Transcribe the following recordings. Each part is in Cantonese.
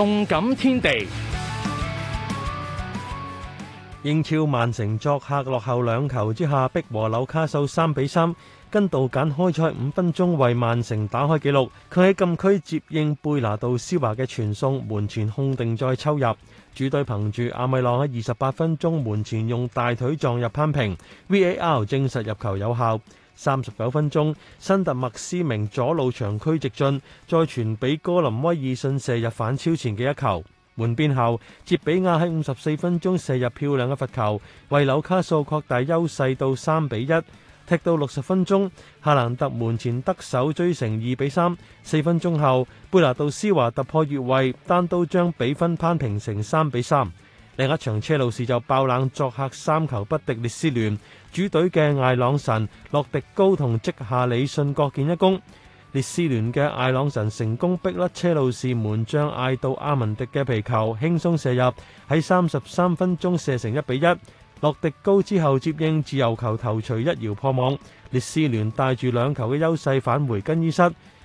動感天地，英超曼城作客落後兩球之下，逼和紐卡素三比三。跟道簡開賽五分鐘為曼城打開紀錄，佢喺禁區接應貝拿度斯華嘅傳送，門前控定再抽入。主隊憑住阿米朗喺二十八分鐘門前用大腿撞入攀平，VAR 證實入球有效。三十九分鐘，新特麥斯明左路長驅直進，再傳俾哥林威爾遜射入反超前嘅一球。換邊後，捷比亞喺五十四分鐘射入漂亮嘅罰球，為紐卡素擴大優勢到三比一。踢到六十分鐘，夏蘭特門前得手追成二比三。四分鐘後，貝拿度斯華突破越位，單刀將比分扳平成三比三。另一場車路士就爆冷作客三球不敵列斯聯，主隊嘅艾朗臣、洛迪高同積夏里臣各建一功。列斯聯嘅艾朗臣成功逼甩車路士門將艾杜阿文迪嘅皮球，輕鬆射入，喺三十三分鐘射成一比一。洛迪高之後接應自由球頭槌一搖破網，列斯聯帶住兩球嘅優勢返回更衣室。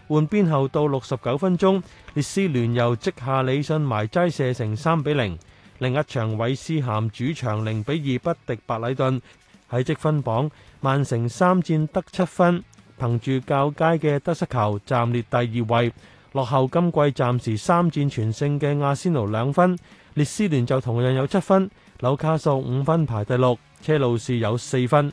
換邊後，到六十九分鐘，列斯聯由積夏里臣埋齋射成三比零。另一場韋斯咸主場零比二不敵白禮頓，喺積分榜曼城三戰得七分，憑住較佳嘅得失球，暫列第二位，落後今季暫時三戰全勝嘅阿仙奴兩分，列斯聯就同樣有七分，紐卡素五分排第六，車路士有四分。